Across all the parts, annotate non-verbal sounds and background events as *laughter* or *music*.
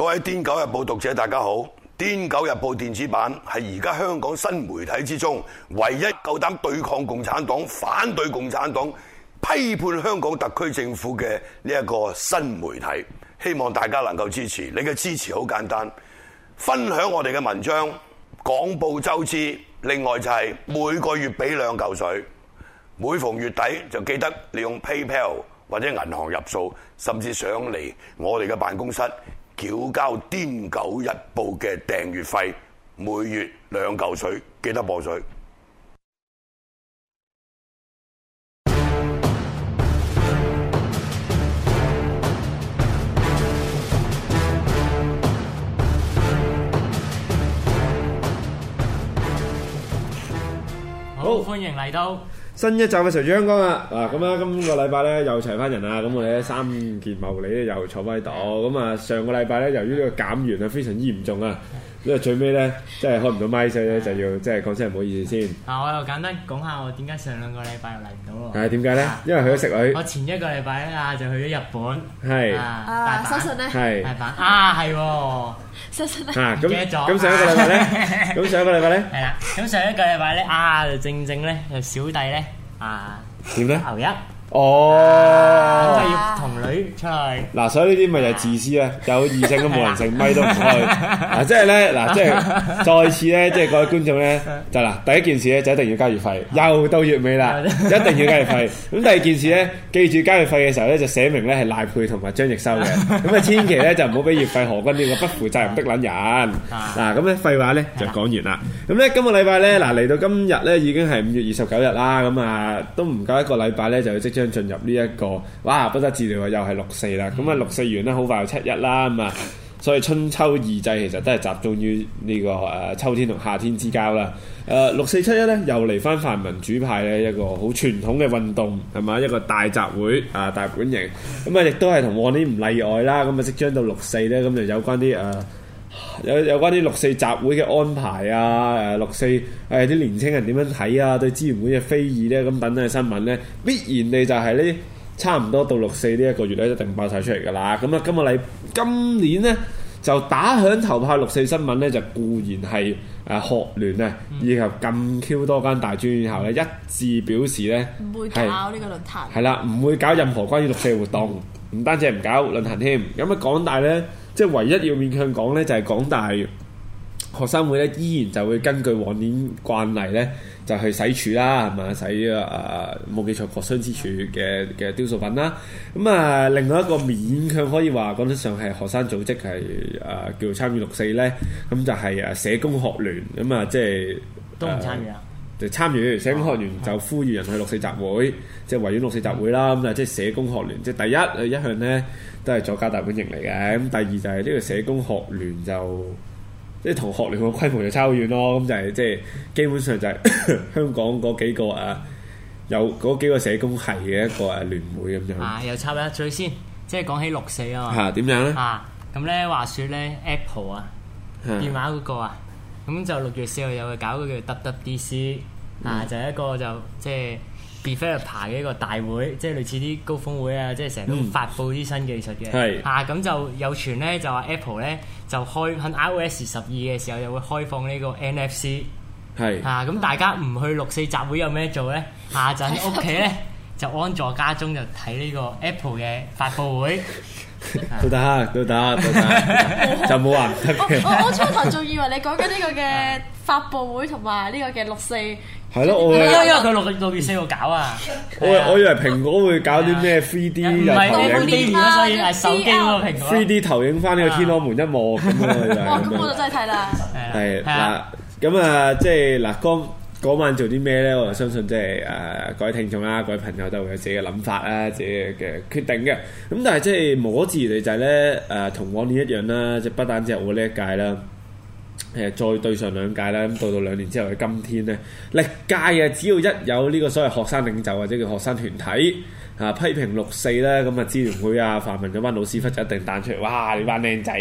各位《癲狗日報》讀者，大家好，《癲狗日報》電子版係而家香港新媒體之中唯一夠膽對抗共產黨、反對共產黨、批判香港特區政府嘅呢一個新媒體，希望大家能夠支持。你嘅支持好簡單，分享我哋嘅文章廣報周知。另外就係每個月俾兩嚿水，每逢月底就記得利用 PayPal 或者銀行入數，甚至上嚟我哋嘅辦公室。繳交《癲狗日報》嘅訂閱費，每月兩嚿水，記得報稅。好，歡迎嚟到新一集嘅《誰主香江》啊，嗱咁啊，今個禮拜咧又齊翻人啦，咁我哋三件茂利咧又坐翻喺度，咁啊上個禮拜咧由於個減員啊非常之嚴重啊。因為最尾咧，真係開唔到麥，所以就要即係講聲唔好意思先。啊！我又簡單講下我點解上兩個禮拜又嚟唔到喎。係點解咧？因為去咗食女。我前一個禮拜啊，就去咗日本。係。啊！失信咧。係。大阪。啊，係喎。失信咧。啊！咁上一個禮拜咧？咁上一個禮拜咧？係啦。咁上一個禮拜咧？啊，就正正咧，就小弟咧啊！點咧？牛一。哦，即係要同女出嚟嗱，所以呢啲咪就自私啦，有異性都冇人性，咪都唔去嗱，即係咧嗱，即係再次咧，即係各位觀眾咧就嗱，第一件事咧就一定要交月費，又到月尾啦，一定要交月費。咁第二件事咧，記住交月費嘅時候咧，就寫明咧係賴珮同埋張亦修嘅，咁啊千祈咧就唔好俾月費何君呢個不負責任的撚人嗱。咁咧廢話咧就講完啦。咁咧今個禮拜咧嗱嚟到今日咧已經係五月二十九日啦，咁啊都唔夠一個禮拜咧就要即將。將進入呢、這、一個哇，不得治療啊！又係六四啦，咁啊六四完啦，好快又七一啦，咁啊，所以春秋二祭其實都係集中於呢、這個誒、呃、秋天同夏天之交啦。誒、呃、六四七一咧，又嚟翻泛民主派咧一個好傳統嘅運動係咪？一個大集會啊、呃、大本營咁啊、呃，亦都係同往年唔例外啦。咁、嗯、啊，即將到六四咧，咁、嗯、就有關啲誒。呃有有關啲六四集會嘅安排啊，誒，六四誒啲、呃、年青人點樣睇啊，對支援會嘅非議咧咁等等嘅新聞咧，必然你就係呢差唔多到六四呢一個月咧，一定爆晒出嚟㗎啦。咁、嗯、啊，今個禮今年咧就打響頭炮六四新聞咧，就固然係誒、呃、學聯啊，嗯、以及咁 Q 多間大專院校咧一致表示咧，唔會搞呢個論壇，係啦，唔會搞任何關於六四活動，唔、嗯、單止唔搞論壇添，咁啊廣大咧。即係唯一要勉強講咧，就係、是、港大學生會咧，依然就會根據往年慣例咧，就去洗柱啦，係嘛？洗啊冇記錯國殤之柱嘅嘅雕塑品啦。咁、嗯、啊，另外一個勉強可以話講得上係學生組織係啊、呃，叫參與六四咧。咁、嗯、就係、是、啊社工學聯咁啊、嗯，即係、呃、都唔參與啊。就參與社工學聯就呼籲人去六四集會，即係維園六四集會啦。咁但即係社工學聯，即係第一一向咧都係左家大本營嚟嘅。咁第二就係呢個社工學聯就即係同學聯嘅規模就差好遠咯。咁就係即係基本上就係、是、 *laughs* 香港嗰幾個啊，有嗰幾個社工系嘅一個啊聯會咁樣。啊，又插一最先，即係講起六四啊嘛。嚇，點樣咧？啊，咁咧、啊、話說咧，Apple 啊，啊電話嗰個啊。咁就六月四號有嘅搞嗰個叫 WWDC 啊、mm. 嗯，就是、一個就即係 Developer 嘅一個大會，即係類似啲高峰會啊，即係成日都發布啲新技術嘅。Mm. 啊，咁就有傳咧就話 Apple 咧就開喺 iOS 十二嘅時候又會開放呢個 NFC。係。啊，咁大家唔去六四集會有咩做咧？下陣屋企咧就安坐家中就睇呢個 Apple 嘅發佈會。 *laughs* 得啦，得啦，得啦，就冇話唔得嘅。我我初頭仲以為你講緊呢個嘅發佈會同埋呢個嘅六四。係咯，我因為佢六月六月四號搞啊。我我以為蘋果會搞啲咩 three D 投影機，所以係手機咯，蘋果。three D 投影翻呢個天安門一幕咁咯，就。哇，咁我就真係睇啦。係嗱，咁啊，即係嗱，剛。嗰晚做啲咩呢？我哋相信即係誒各位聽眾啦、各位朋友都會有自己嘅諗法啦、自己嘅決定嘅。咁但係即係無可置疑就係呢，誒、呃，同往年一樣啦，即係不單止我呢一屆啦，誒、呃、再對上兩屆啦，咁到到兩年之後嘅今天呢，歷屆啊，只要一有呢個所謂學生領袖或者叫學生團體啊批評六四啦，咁啊支聯會啊、泛民嗰班老師忽就一定彈出嚟，哇！你班靚仔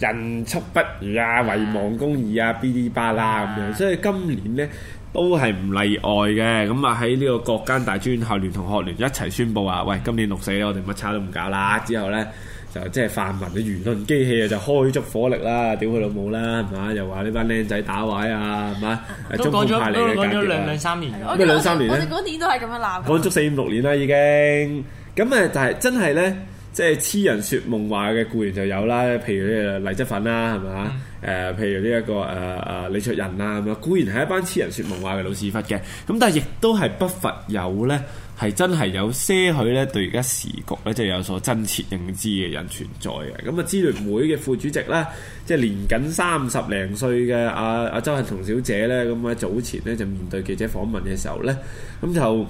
人畜不如啊、遺忘公義啊、B D 吧啦咁樣，所以今年呢。都係唔例外嘅，咁啊喺呢個各間大專校聯同學聯一齊宣佈啊，喂，今年六四我哋乜叉都唔搞啦！之後咧就即係泛民嘅輿論機器啊，就開足火力啦，屌佢老母啦，係嘛？又話呢班僆仔打壞啊，係嘛？都講咗，啊、都講兩,兩,兩三年，咩兩三年我哋嗰年都係咁樣鬧，講足四五六年啦已經。咁啊、就係，但係真係咧，即係痴人說夢話嘅顧言就有啦，譬如呢個黎汁粉啦，係嘛？嗯誒、呃，譬如呢、這、一個誒誒、呃呃、李卓人啊、嗯，固然係一班痴人說夢話嘅老屎忽嘅，咁但係亦都係不乏有呢，係真係有些許呢對而家時局咧就有所真切認知嘅人存在嘅。咁、嗯、啊，支聯會嘅副主席咧，即係年僅三十零歲嘅阿阿鄒幸彤小姐呢，咁、嗯、啊早前呢就面對記者訪問嘅時候呢，咁、嗯、就咁啊、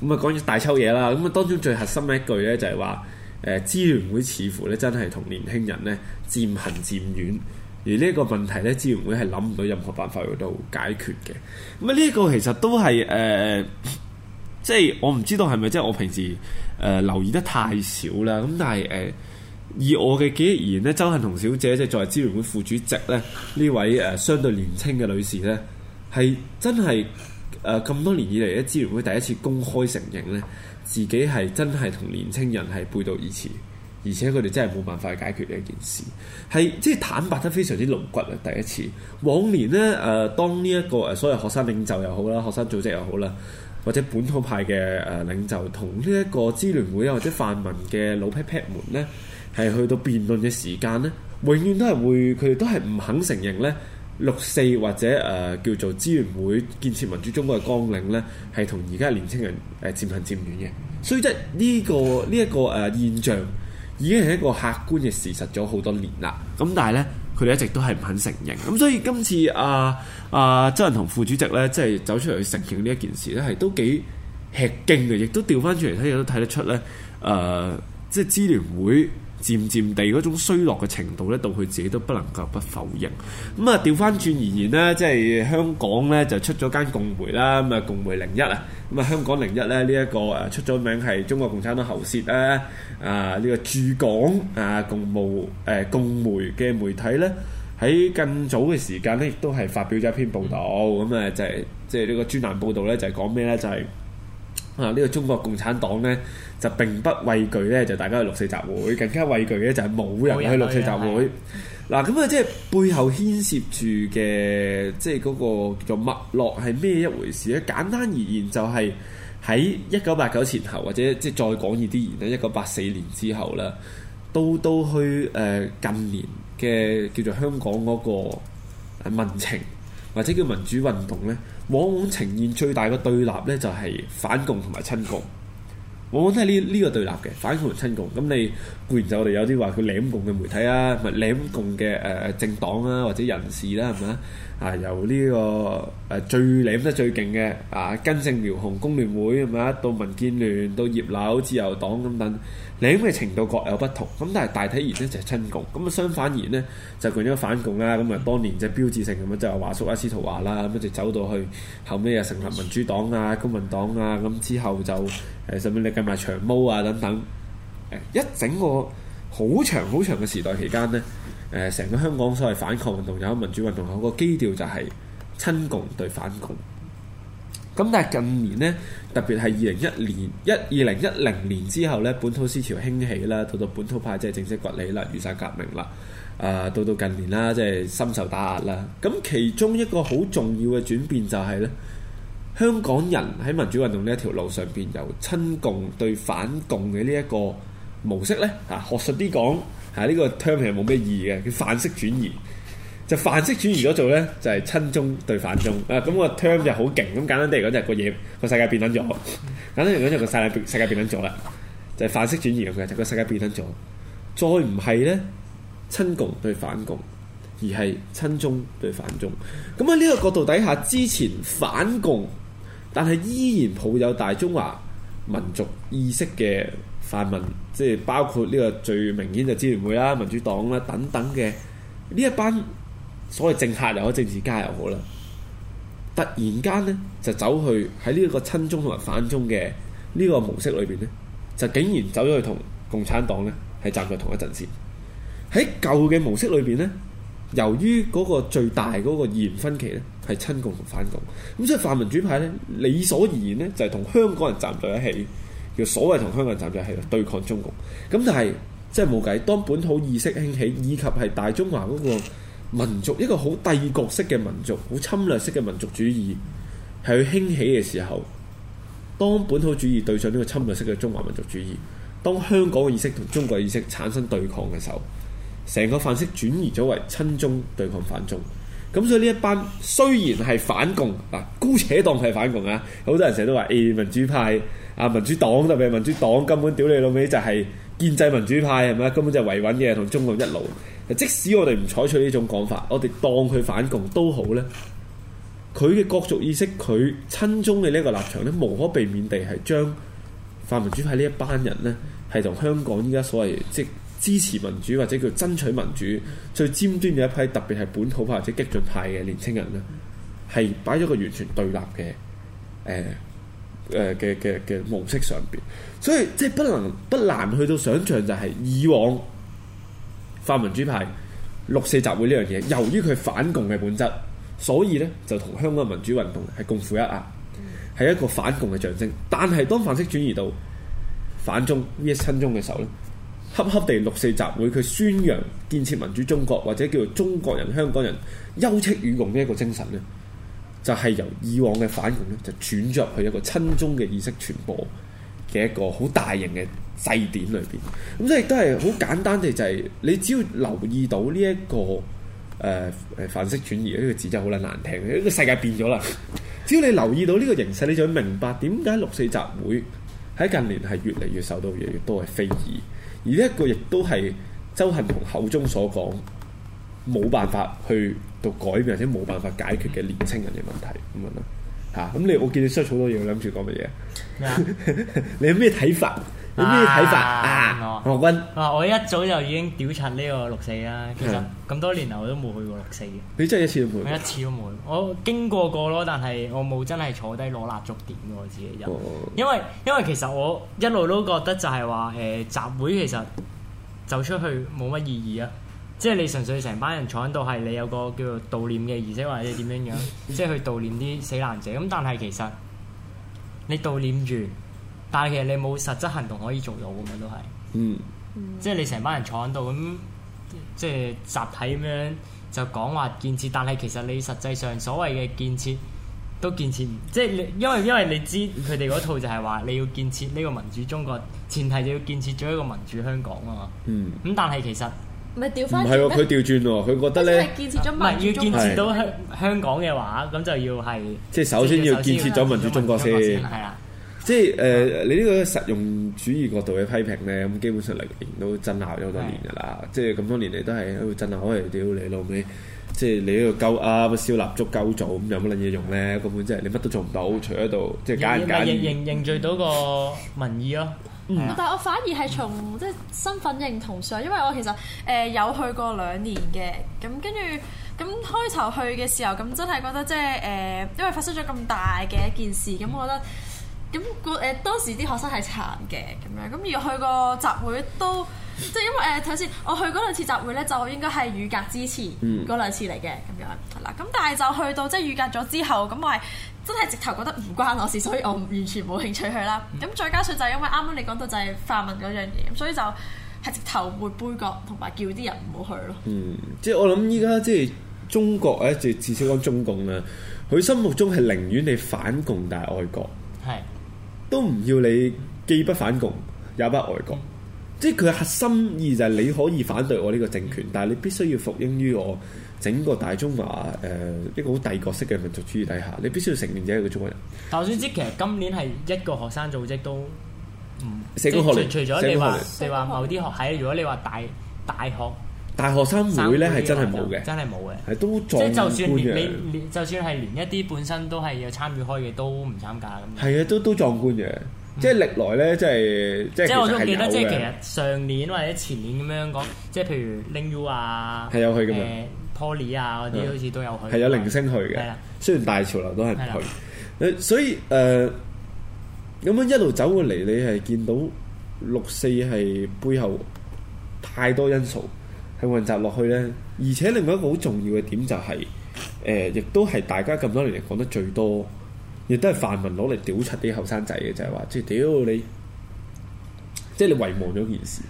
嗯、講咗大抽嘢啦。咁、嗯、啊，當中最核心嘅一句呢，就係、是、話，誒、呃、支聯會似乎呢，真係同年輕人呢，漸行漸遠。而呢一個問題咧，支聯會係諗唔到任何辦法去到解決嘅。咁啊，呢一個其實都係誒、呃，即係我唔知道係咪即係我平時誒、呃、留意得太少啦。咁但係誒、呃，以我嘅記憶而言咧，鄒幸彤小姐即係作為支聯會副主席呢，呢位誒相對年青嘅女士呢，係真係誒咁多年以嚟咧，支聯會第一次公開承認呢，自己係真係同年青人係背道而馳。而且佢哋真係冇辦法解決呢一件事，係即係坦白得非常之露骨啊！第一次往年呢，誒、呃、當呢、這、一個誒所謂學生領袖又好啦，學生組織又好啦，或者本土派嘅誒、呃、領袖同呢一個支聯會或者泛民嘅老 pat pat 們呢，係去到辯論嘅時間呢，永遠都係會佢哋都係唔肯承認呢六四或者誒、呃、叫做支聯會建設民主中國嘅綱領呢，係同而家年輕人誒、呃、漸行漸遠嘅。所以即係呢個呢一、這個誒、這個 uh, 現象。已經係一個客觀嘅事實咗好多年啦，咁但係呢，佢哋一直都係唔肯承認，咁所以今次阿阿、呃呃、周仁彤副主席呢，即係走出嚟去承認呢一件事呢，係都幾吃驚嘅，亦都調翻出嚟睇，亦都睇得出呢，誒、呃，即係支聯會。漸漸地嗰種衰落嘅程度咧，到佢自己都不能夠不否認。咁啊，掉返轉而言咧，即係香港咧就出咗間共媒啦，咁啊共媒零一啊，咁啊香港零一咧，呢一個誒，出咗名係中國共產黨喉舌啊啊呢個駐港啊共媒誒共媒嘅媒體咧，喺更早嘅時間咧，亦都係發表咗一篇報道，咁啊就係即係呢個專欄報道咧就係講咩咧就係啊呢個中國共產黨咧。就並不畏懼咧，就是、大家去六四集會；更加畏懼咧，就係、是、冇人去六四集會。嗱，咁、嗯、啊，即係背後牽涉住嘅，即係嗰個叫做脈絡係咩一回事咧？簡單而言，就係喺一九八九前後，或者即係再講遠啲，言，家一九八四年之後啦，到到去誒、呃、近年嘅叫做香港嗰個民情或者叫民主運動咧，往往呈現最大嘅對立咧，就係、是、反共同埋親共。我覺得係呢呢個對立嘅反共同親共，咁你固然就我哋有啲話佢舐共嘅媒體啊，唔係舐共嘅誒、呃、政黨啊，或者人士啦、啊，係咪啊？由呢、這個誒、呃、最舐得最勁嘅啊，根正苗紅工聯會係咪啊？到民建聯，到葉劉自由黨咁等等。兩嘅程度各有不同，咁但係大體而言就係親共，咁啊相反而呢就講咗反共啦，咁啊當年即係標誌性咁樣就係、係、華叔阿司徒華啦，咁就走到去後尾，又成立民主黨啊、公民黨啊，咁之後就誒甚至你計埋長毛啊等等，一整個好長好長嘅時代期間呢誒成個香港所謂反抗運動有民主運動，有個基調就係親共對反共。咁但係近年呢，特別係二零一年一二零一零年之後呢，本土思潮興起啦，到到本土派即係、就是、正式崛起啦，雨傘革命啦，啊、呃、到到近年啦，即、就、係、是、深受打壓啦。咁、嗯、其中一個好重要嘅轉變就係呢，香港人喺民主運動呢一條路上邊，由親共對反共嘅呢一個模式呢，學啊學術啲講，喺、這、呢個 term 係冇咩意義嘅，叫範式轉移。就範式轉移咗做咧，就係、是、親中對反中，啊咁、那個 term 就好勁。咁簡單啲嚟講，就係個嘢個世界變咗咗。簡，簡單嚟講，就是、個世界變世界變咗咗啦。就係範式轉移咁嘅，就個世界變咗咗。再唔係咧，親共對反共，而係親中對反中。咁喺呢個角度底下，之前反共但係依然抱有大中華民族意識嘅泛民，即、就、係、是、包括呢個最明顯就支聯會啦、民主黨啦等等嘅呢一班。所謂政客又好，政治家又好啦，突然間呢就走去喺呢一個親中同埋反中嘅呢個模式裏邊呢，就竟然走咗去同共產黨呢係站在同一陣線。喺舊嘅模式裏邊呢，由於嗰個最大嗰個意見分歧呢係親共同反共，咁所以泛民主派呢理所當然呢就係、是、同香港人站在一起，叫所謂同香港人站在一起對抗中共。咁但係即係冇計，當本土意識興起，以及係大中華嗰、那個。民族一個好帝國式嘅民族，好侵略式嘅民族主義，係佢興起嘅時候，當本土主義對上呢個侵略式嘅中華民族主義，當香港嘅意識同中國意識產生對抗嘅時候，成個範式轉移咗為親中對抗反中。咁所以呢一班雖然係反共嗱，姑、呃、且當係反共啊，好多人成日都話誒、欸、民主派啊民主黨，特別民主黨根本屌你老味就係、是。建制民主派係咪根本就係維穩嘅，同中共一路。即使我哋唔採取呢種講法，我哋當佢反共都好呢，佢嘅國族意識，佢親中嘅呢一個立場呢，無可避免地係將泛民主派呢一班人呢係同香港依家所謂即支持民主或者叫爭取民主最尖端嘅一批，特別係本土派或者激進派嘅年輕人呢係擺咗個完全對立嘅誒。呃誒嘅嘅嘅模式上邊，所以即係不能不難去到想像，就係以往泛民主派六四集會呢樣嘢，由於佢反共嘅本質，所以呢就同香港民主運動係共負一軛，係一個反共嘅象徵。但係當範式轉移到反中、呢、yes, 一親中嘅時候呢恰恰地六四集會佢宣揚建設民主中國或者叫做中國人、香港人休戚與共呢一個精神咧。就係由以往嘅反共咧，就轉咗去一個親中嘅意識傳播嘅一個好大型嘅祭典裏邊。咁即係都係好簡單嘅、就是，就係你只要留意到呢、這、一個誒誒、呃、反式轉移呢、這個字真係好撚難聽呢、這個世界變咗啦。 *laughs* 只要你留意到呢個形勢，你就會明白點解六四集會喺近年係越嚟越受到越嚟越多嘅非議。而呢一個亦都係周幸同口中所講冇辦法去度改變或者冇辦法解決嘅年青人嘅問題咁樣啦嚇，咁、啊、你我見你出好多嘢，諗住講乜嘢？麼 *laughs* 你有咩睇法？有咩睇法啊？何君啊，啊嗯、我一早就已經屌柒呢個六四啦。其實咁多年嚟我都冇去過六四的你真係一次都冇？我一次都冇。我經過過咯，但係我冇真係坐低攞蠟燭點我自己，就因為因為其實我一路都覺得就係話誒集會其實走出去冇乜意義啊。即係你純粹成班人坐喺度，係你有個叫做悼念嘅儀式，或者點樣樣，即係去悼念啲死難者。咁但係其實你悼念完，但係其實你冇實質行動可以做到咁樣都係。嗯，即係你成班人坐喺度，咁即係集體咁樣就講話建設，但係其實你實際上所謂嘅建設都建設唔即係你，因為因為你知佢哋嗰套就係話你要建設呢個民主中國，前提就要建設咗一個民主香港啊嘛。嗯，咁但係其實。唔係調翻，唔係佢調轉喎，佢覺得咧，唔係要建設到香香港嘅話，咁是就要係，即係首先要建設咗民主中國先，係啊，了即係誒，呃、的你呢個實用主義角度嘅批評咧，咁基本上嚟年都爭拗咗多年噶啦，的即係咁多年嚟都係喺度爭拗，可以屌你老味！即係你喺度鳩啱燒蠟燭鳩做，咁有乜撚嘢用咧？根本即係你乜都做唔到，嗯、除喺度即係揀唔揀。應、應對、到個民意咯、啊。嗯、但係我反而係從即係身份認同上，因為我其實誒、呃、有去過兩年嘅，咁跟住咁開頭去嘅時候，咁真係覺得即係誒，因為發生咗咁大嘅一件事，咁我覺得咁個誒當時啲學生係慘嘅咁樣，咁而去個集會都。即係因為誒頭先，呃、我去嗰兩次集會咧，就應該係雨革之前嗰兩次嚟嘅咁樣係啦。咁但係就去到即係雨革咗之後，咁我係真係直頭覺得唔關我事，所以我完全冇興趣去啦。咁、嗯、再加上就因為啱啱你講到就係泛民嗰樣嘢，所以就係直頭會杯葛，同埋叫啲人唔好去咯。嗯，即係我諗依家即係中國誒，至少講中共啦，佢心目中係寧願你反共但係愛國，係的都唔要你既不反共也不愛國。嗯即係佢核心意就係你可以反對我呢個政權，但係你必須要服膺於我整個大中華誒、呃、一個好帝國式嘅民族主義底下，你必須要承認自己係個中國人。頭先知其實今年係一個學生組織都唔社工學除咗你話你話某啲學喺，如果你話大大學大學生會咧係真係冇嘅，真係冇嘅，係都即就，就算連你，就算係連一啲本身都係要參與開嘅都唔參加咁。係啊的，都都壯觀嘅。即係歷來咧，即係即係我都記得，即係其實上年或者前年咁樣講，即係譬如 Ling U 啊，係有去嘅，Poly 啊嗰啲好似都有去，係有零星去嘅。的雖然大潮流都係唔去。的所以誒咁、呃、樣一路走過嚟，你係見到六四係背後太多因素係混集落去咧。而且另外一個好重要嘅點就係、是、誒、呃，亦都係大家咁多年嚟講得最多。亦都係泛民攞嚟屌出啲後生仔嘅，就係話即係屌你，即係你遺忘咗件事。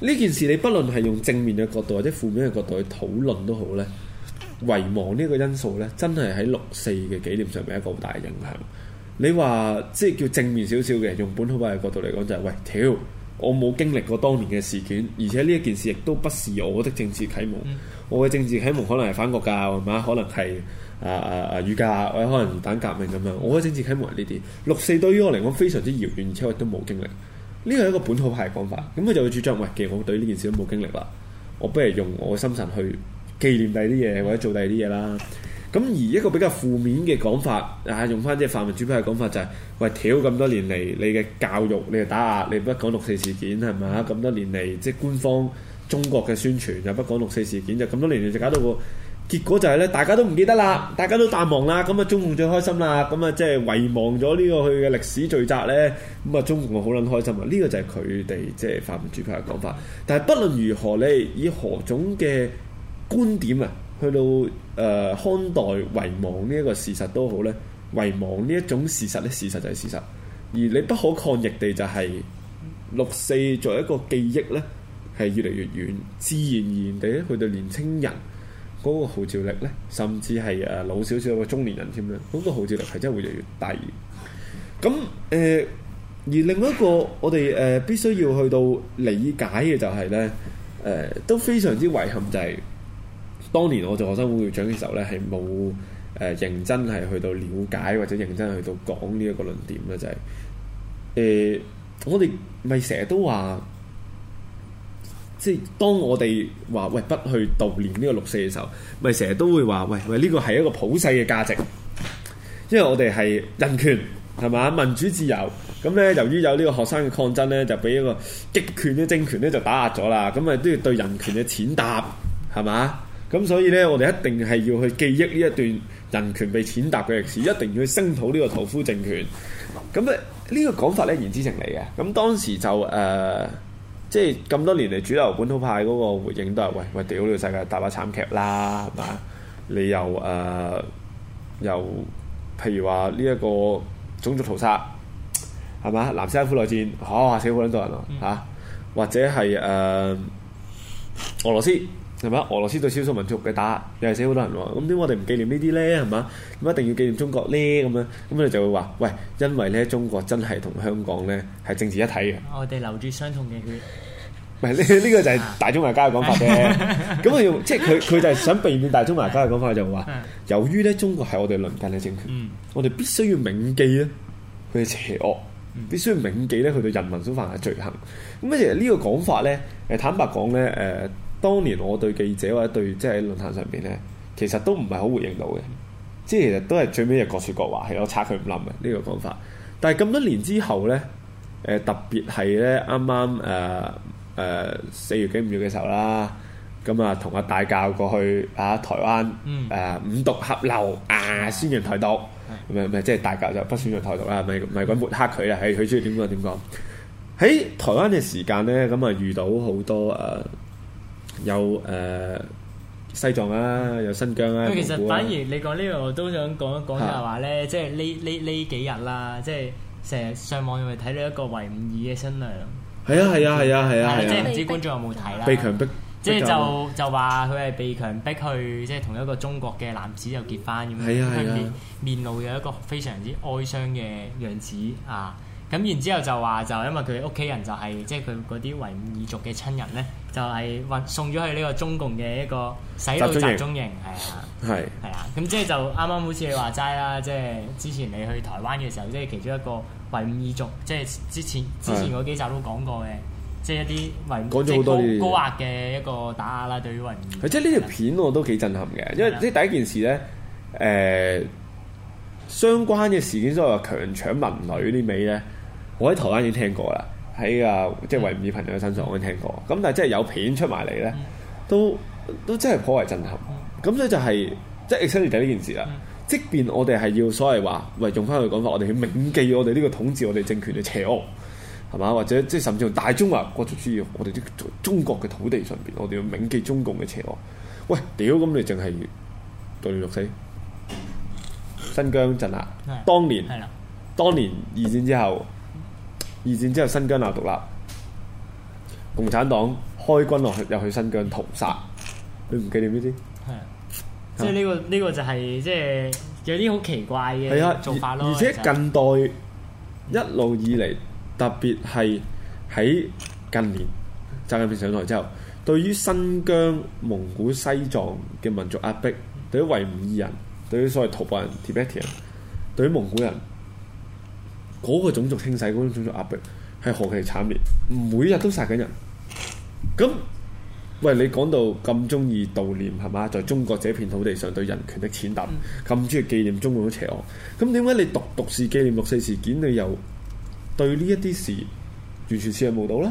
呢件事你不論係用正面嘅角度或者負面嘅角度去討論都好，呢遺忘呢個因素呢，真係喺六四嘅紀念上面一個好大嘅影響。你話即係叫正面少少嘅，用本土化嘅角度嚟講就係喂，屌，我冇經歷過當年嘅事件，而且呢一件事亦都不是我的政治啟蒙。嗯、我嘅政治啟蒙可能係反國教係咪？可能係。啊啊啊！預架或者可能魚蛋革命咁樣，我嘅政治啟蒙係呢啲，六四對於我嚟講非常之遙遠，而且我都冇經歷。呢個係一個本土派嘅講法，咁佢就會主張：喂，既然我對呢件事都冇經歷啦，我不如用我嘅心神去紀念第啲嘢，或者做第啲嘢啦。咁而一個比較負面嘅講法，啊，用翻即係泛民主派嘅講法就係：喂，屌，咁多年嚟，你嘅教育，你就打壓，你不講六四事件係咪啊？咁多年嚟，即係官方中國嘅宣傳又不講六四事件，就咁多年嚟就搞到個。結果就係咧，大家都唔記得啦，大家都淡忘啦，咁啊中共最開心啦，咁啊即係遺忘咗呢個佢嘅歷史罪責咧，咁啊中共啊好捻開心啊，呢、這個就係佢哋即係泛民主派嘅講法。但係不論如何，你以何種嘅觀點啊，去到誒看待遺忘呢一個事實都好咧，遺忘呢一種事實咧，事實就係事實，而你不可抗逆地就係六四作為一個記憶咧，係越嚟越遠，自然而然地咧，佢哋年青人。嗰個號召力呢，甚至係誒老少少嘅中年人添咧，嗰個號召力係真係會越嚟越低。咁誒，而另一個我哋誒必須要去到理解嘅就係呢，誒都非常之遺憾就係，當年我做學生會長嘅時候呢，係冇誒認真係去到了解或者認真去到講呢一個論點咧，就係誒我哋咪成日都話。即係當我哋話喂，不去悼念呢個六四嘅時候，咪成日都會話喂，喂呢個係一個普世嘅價值，因為我哋係人權係嘛、民主自由咁呢，由於有呢個學生嘅抗爭呢，就俾一個極權嘅政權呢就打壓咗啦。咁啊都要對人權嘅踐踏係嘛咁，所以呢，我哋一定係要去記憶呢一段人權被踐踏嘅歷史，一定要去聲討呢個屠夫政權。咁咧呢個講法呢，言之成理嘅。咁當時就誒。呃即係咁多年嚟，主流本土派嗰個回應都係喂喂，屌你個世界大把慘劇啦，係嘛？你又誒、呃、又譬如話呢一個種族屠殺係嘛？南斯拉夫內戰，嚇死好撚多人啊嚇、嗯啊，或者係誒、呃、俄羅斯。係嘛？俄羅斯對少數民族嘅打壓又係死好多人喎，咁點我哋唔紀念呢啲咧？係嘛？咁一定要紀念中國咧？咁樣咁你就會話：喂，因為咧中國真係同香港咧係政治一體嘅。我哋流住相同嘅血。唔係呢？呢個就係大中華膠嘅講法啫。咁佢用即係佢佢就係想避免大中華膠嘅講法就，就話 Yeah. 由於咧中國係我哋鄰近嘅政權，um. 我哋必須要銘記咧佢嘅邪惡，um. 必須要銘記咧佢對人民所犯嘅罪行。咁其實呢個講法咧，誒坦白講咧，誒、呃。呃呃呃當年我對記者或者對即係喺論壇上邊咧，其實都唔係好回應到嘅，即係其實都係最尾係各說各話，係我拆佢唔冧嘅呢個講、這個、法。但係咁多年之後咧，誒特別係咧啱啱誒誒四月幾五月嘅時候啦，咁啊同阿大教過去啊台灣誒五毒合流、嗯、啊宣揚台獨，唔係唔係即係大教就不宣揚台獨啦，唔係唔係鬼抹黑佢啊，係佢中意點講點講。喺台灣嘅時間咧，咁啊遇到好多誒。呃有誒、呃、西藏啦、啊，有新疆啦、啊。其實、嗯啊、反而你講呢、呢個，我都想講一講就係話咧，即係呢呢呢幾日啦，即係成日上網又咪睇到一個維吾爾嘅新娘。係啊係啊係啊係啊！啊啊啊啊即係唔知觀眾有冇睇啦。被強迫,迫，即係就就話佢係被強迫去即係同一個中國嘅男子又結婚咁、啊、樣。係啊係啊！啊面面露有一個非常之哀傷嘅樣子啊！咁然之後就話就因為佢屋企人就係即係佢嗰啲維吾爾族嘅親人咧，就係運送咗去呢個中共嘅一個洗腦集中營，係啊，係係啊，咁即係就啱啱好似你話齋啦，即係之前你去台灣嘅時候，即係其中一個維吾爾族，即係之前之前嗰幾集都講過嘅，即係一啲維吾爾族高壓嘅一個打壓啦，對於維吾爾即係呢條片我都幾震撼嘅，因為即係第一件事咧，誒相關嘅事件所謂強搶民女啲尾咧。我喺台灣已經聽過啦，喺啊即係維吾爾朋友嘅身上我已經聽過。咁但係真係有片出埋嚟咧，都都真係頗為震撼。咁所以就係、是、即係 exactly 就呢件事啦。嗯、即便我哋係要所謂話，喂用翻佢講法，我哋去銘記我哋呢個統治我哋政權嘅邪惡，係嘛？或者即係甚至用大中華國族主義，我哋啲中國嘅土地上邊，我哋要銘記中共嘅邪惡。喂，屌咁你淨係對六四新疆鎮壓？的當年係啦的，當年二戰之後。二戰之後，新疆鬧獨立，共產黨開軍落去，又去新疆屠殺。你唔記得呢啲？係，即係呢個呢個就係即係有啲好奇怪嘅做法咯。而且近代、嗯、一路以嚟，特別係喺近年習近平上台之後，對於新疆、蒙古、西藏嘅民族壓迫，嗯、對於維吾爾人，對於所謂土伯人 （Tibetian），對於蒙古人。嗰個種族清洗，嗰、那、種、個、種族壓迫，係何其慘烈！每日都殺緊人。咁，喂，你講到咁中意悼念係嗎？在中國這片土地上對人權的踐踏，咁中意紀念中共嘅邪惡，咁點解你獨獨是紀念六四事件？你又對呢一啲事完全視而無睹呢？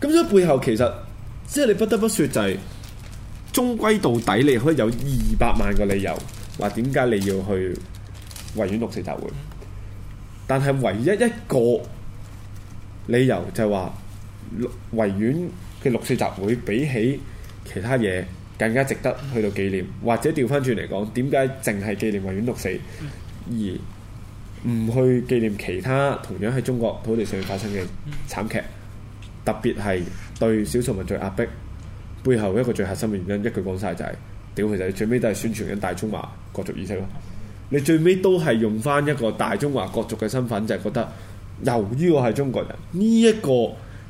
咁、嗯、所以背後其實，即係你不得不説、就是，就係終歸到底，你可以有二百萬個理由，話點解你要去維園六四集會？但係唯一一個理由就係話，維園嘅六四集會比起其他嘢更加值得去到紀念，嗯、或者調翻轉嚟講，點解淨係紀念維園六四，嗯、而唔去紀念其他同樣喺中國土地上面發生嘅慘劇，嗯、特別係對少數民族壓迫背後一個最核心嘅原因，一句講晒就係、是，屌佢哋最尾都係宣傳緊大中華國族意識咯。你最尾都係用翻一個大中華國族嘅身份，就係覺得由於我係中國人，呢一個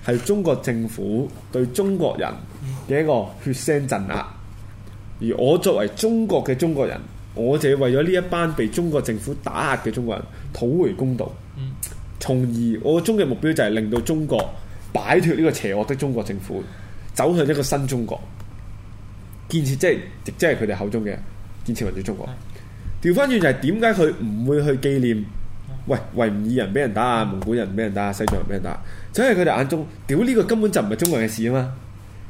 係中國政府對中國人嘅一個血腥鎮壓，而我作為中國嘅中國人，我就要為咗呢一班被中國政府打壓嘅中國人討回公道，從而我嘅終極目標就係令到中國擺脫呢個邪惡的中國政府，走向一個新中國，建設，即係即係佢哋口中嘅建設民主中國。調翻轉就係點解佢唔會去紀念？喂，維吾爾人俾人打，蒙古人俾人打，西藏人俾人打，就係佢哋眼中，屌呢個根本就唔係中國人嘅事啊嘛！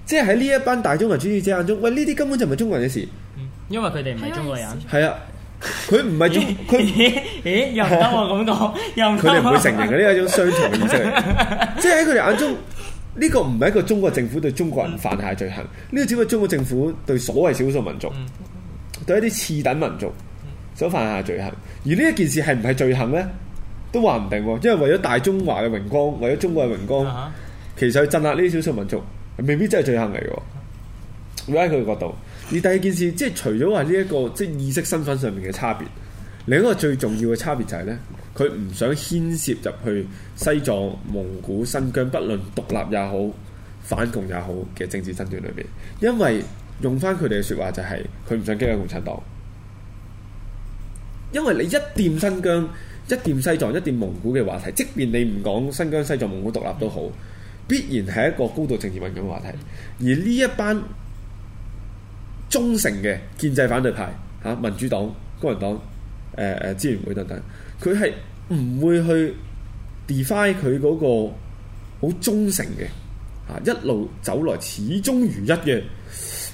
即係喺呢一班大中華主義者眼中，喂，呢啲根本就唔係中國人嘅事。因為佢哋唔係中國人。係啊，佢唔係中，佢咦、欸欸？又唔得我咁講， *laughs* 又得。佢哋唔會承認嘅呢一種雙重嘅意思， *laughs* 即係喺佢哋眼中，呢、這個唔係一個中國政府對中國人犯下嘅罪行，呢個只係中國政府對所謂少數民族，嗯、對一啲次等民族。想犯下罪行，而呢一件事係唔係罪行呢？都話唔定喎。因為為咗大中華嘅榮光，為咗中國嘅榮光，啊、其實去鎮壓呢啲少數民族，未必真係罪行嚟嘅。喎，喺佢嘅角度。而第二件事，即係除咗話呢一個即意識身份上面嘅差別，另一個最重要嘅差別就係、是、呢：佢唔想牽涉入去西藏、蒙古、新疆，不論獨立也好、反共也好嘅政治爭端裏邊，因為用翻佢哋嘅説話就係、是，佢唔想激怒共產黨。因為你一掂新疆、一掂西藏、一掂蒙古嘅話題，即便你唔講新疆、西藏、蒙古獨立都好，必然係一個高度政治敏感嘅話題。而呢一班忠誠嘅建制反對派嚇、啊、民主黨、工人黨、誒、呃、誒支援會等等，佢係唔會去 defy 佢嗰個好忠誠嘅嚇、啊、一路走來始終如一嘅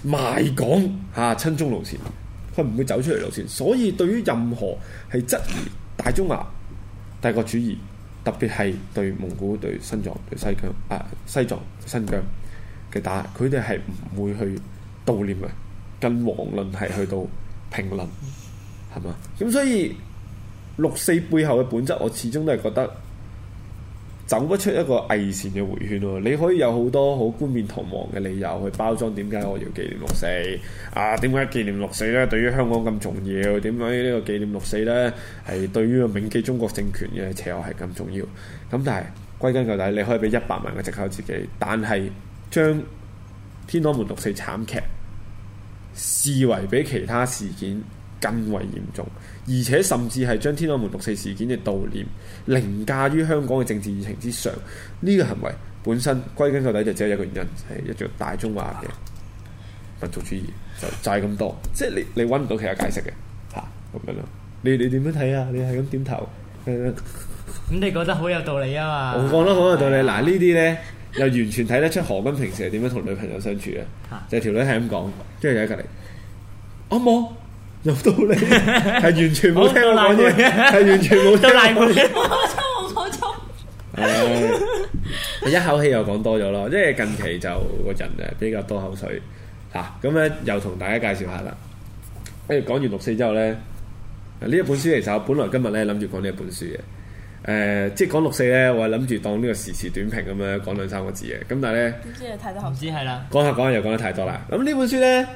賣港嚇、啊、親中路線。佢唔會走出嚟路線，所以對於任何係質疑大中亞帝國主義，特別係對蒙古、對新疆、誒西，西藏、新疆嘅打，佢哋係唔會去悼念嘅，更遑論係去到評論，係嘛？咁所以六四背後嘅本質，我始終都係覺得。走不出一個偽善嘅迴圈咯，你可以有好多好冠冕堂皇嘅理由去包裝點解我要紀念六四啊？點解紀念六四呢？對於香港咁重要？點解呢個紀念六四呢？係對於要銘記中國政權嘅邪惡係咁重要？咁但係歸根究底，你可以俾一百萬嘅藉口自己，但係將天安門六四慘劇視為比其他事件更為嚴重。而且甚至係將天安門六四事件嘅悼念凌駕於香港嘅政治議程之上，呢、這個行為本身歸根到底就只有一個原因，係一種大中華嘅民族主義，就就係咁多，即係你你揾唔到其他解釋嘅嚇咁樣咯。你你點樣睇啊？你係咁點頭，咁、啊、你覺得好有道理啊嘛？我覺得好有道理。嗱、啊、呢啲呢 *laughs* 又完全睇得出何君平時係點樣同女朋友相處嘅，啊、就條女係咁講，跟住喺隔離，我、啊、冇。有道理，係 *laughs* 完全冇聽我講嘢，係完全冇聽我講嘢，冇錯冇錯，一口氣又講多咗咯，即係近期就個人誒比較多口水吓，咁、啊、咧又同大家介紹下啦。跟住講完六四之後咧，呢一本書其實我本來今日咧諗住講呢一本書嘅，誒、呃、即係講六四咧我係諗住當呢個時事短評咁樣講兩三個字嘅，咁但係咧，講下講下又講得太多啦。咁呢本書咧。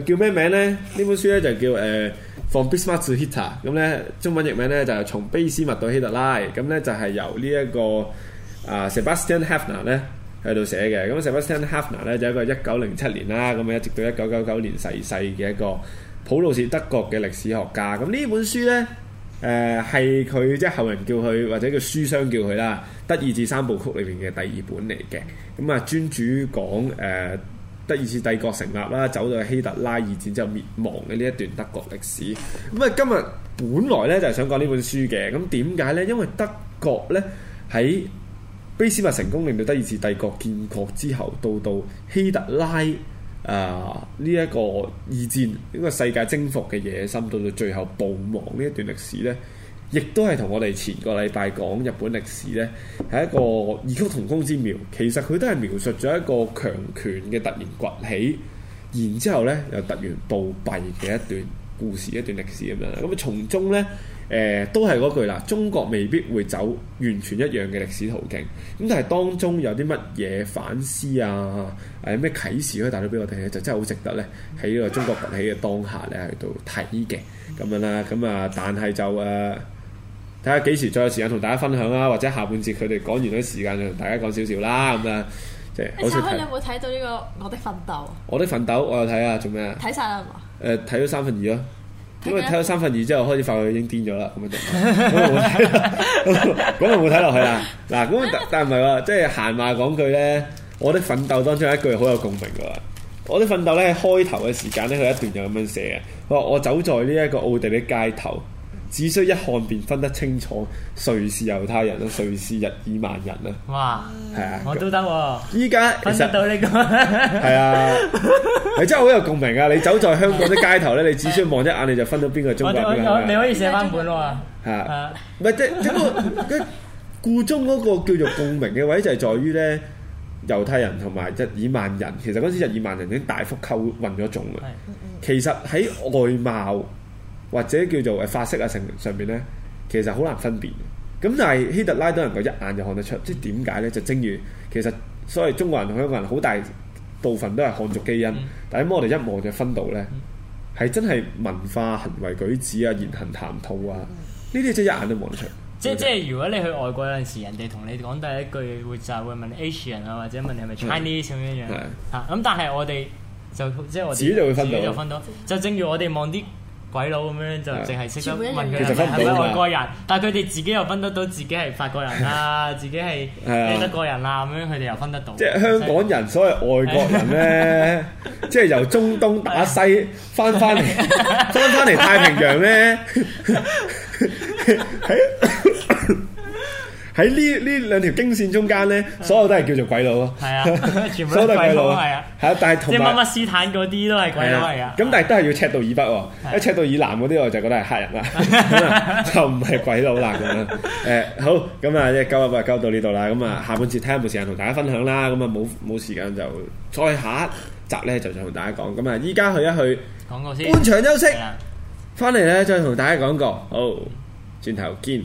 叫咩名咧？呢本書咧就叫《誒、uh, From Bismarck to Hitler》，咁咧中文譯名咧就係從俾斯麥到希特拉，咁咧就係、是、由、這個 uh, 呢，呢、就是、一個啊 Sebastian Haffner 咧喺度寫嘅。咁 Sebastian Haffner 咧就係一個一九零七年啦，咁啊一直到一九九九年逝世嘅一個普魯士德國嘅歷史學家。咁呢本書咧誒係佢即係後人叫佢，或者叫書商叫佢啦，德意志三部曲裏邊嘅第二本嚟嘅。咁啊專注講誒。第二次帝國成立啦，走到希特拉二戰之後滅亡嘅呢一段德國歷史。咁啊，今日本來呢就係想講呢本書嘅。咁點解呢？因為德國呢，喺俾斯麥成功令到第二次帝國建國之後，到到希特拉啊呢一個二戰呢個世界征服嘅野心，到到最後暴亡呢一段歷史呢。亦都係同我哋前個禮拜講日本歷史呢，係一個異曲同工之妙。其實佢都係描述咗一個強權嘅突然崛起，然之後呢又突然暴斃嘅一段故事、一段歷史咁樣啦。咁、嗯、啊，從中呢，誒、呃、都係嗰句啦，中國未必會走完全一樣嘅歷史途徑。咁但係當中有啲乜嘢反思啊，誒、啊、咩啟示可以帶到俾我哋咧，就真係好值得呢。喺呢個中國崛起嘅當下呢，喺度睇嘅咁樣啦。咁啊，但係就誒。睇下幾時再有時間同大家分享啊，或者下半節佢哋講完啲時間就同大家講少少啦，咁啊，即係。你，你有冇睇到呢個《我的奮鬥》？《我的奮鬥》我又睇下做咩啊？睇晒啦，係睇咗三分二咯，因為睇咗三分二之後開始發覺已經癲咗啦，咁樣就嗰陣冇睇，嗰陣冇睇落去啦。嗱，咁但係唔係即係閒話講句咧，《我的奮鬥》當中有一句好有共鳴嘅喎，《我的奮鬥呢》咧，開頭嘅時間咧，佢一段就咁樣寫嘅，我我走在呢一個奧地利街頭。只需一看便分得清楚，誰是猶太人啊？誰是日耳曼人啊？哇！係啊，我都得喎。依家其實到你講係啊，你真係好有共鳴啊！你走在香港的街頭咧，你只需要望一眼，你就分到邊個中國人。你可以寫翻本喎。係啊，唔係即係嗰個故中嗰個叫做共鳴嘅位就係在於咧，猶太人同埋日耳曼人，其實嗰時日耳曼人已經大幅溝混咗種嘅。其實喺外貌。或者叫做誒髮色啊，成上邊咧，其實好難分辨嘅。咁但係希特拉都能夠一眼就看得出，即係點解咧？就正如其實所謂中國人同香港人好大,大,大部分都係漢族基因，嗯、但係我哋一望就分到咧，係真係文化行為舉止啊、言行談吐啊，呢啲真係一眼都望得出。即是即係如果你去外國有陣時，人哋同你講第一句，會就係會問你 Asian 啊，或者問你係咪 Chinese 咁樣樣嚇。咁對但係我哋就即係我自己就會分到，就正如我哋望啲。鬼佬咁樣就淨係識得問佢係咪外國人，但係佢哋自己又分得到自己係法國人啦、啊， *laughs* 自己係德國人啦、啊，咁樣佢哋又分得到。 *laughs* 即係香港人所謂外國人咧， *laughs* 即係由中東打西翻翻嚟，翻翻嚟太平洋咧。 *laughs* *laughs* *laughs* 喺呢呢兩條經線中間咧，所有都係叫做鬼佬咯。係啊，全部都係鬼佬係啊。係啊，但係同即係乜乜斯坦嗰啲都係鬼佬嚟噶。咁但係都係要赤道以北喎，一赤道以南嗰啲我就覺得係黑人啦，就唔係鬼佬啦咁啊。誒好，咁啊，即係夠啊，夠到呢度啦。咁啊，下半節睇下有冇時間同大家分享啦。咁啊，冇冇時間就再下一集咧，就再同大家講。咁啊，依家去一去講個先，半場休息。翻嚟咧，再同大家講個好，轉頭見。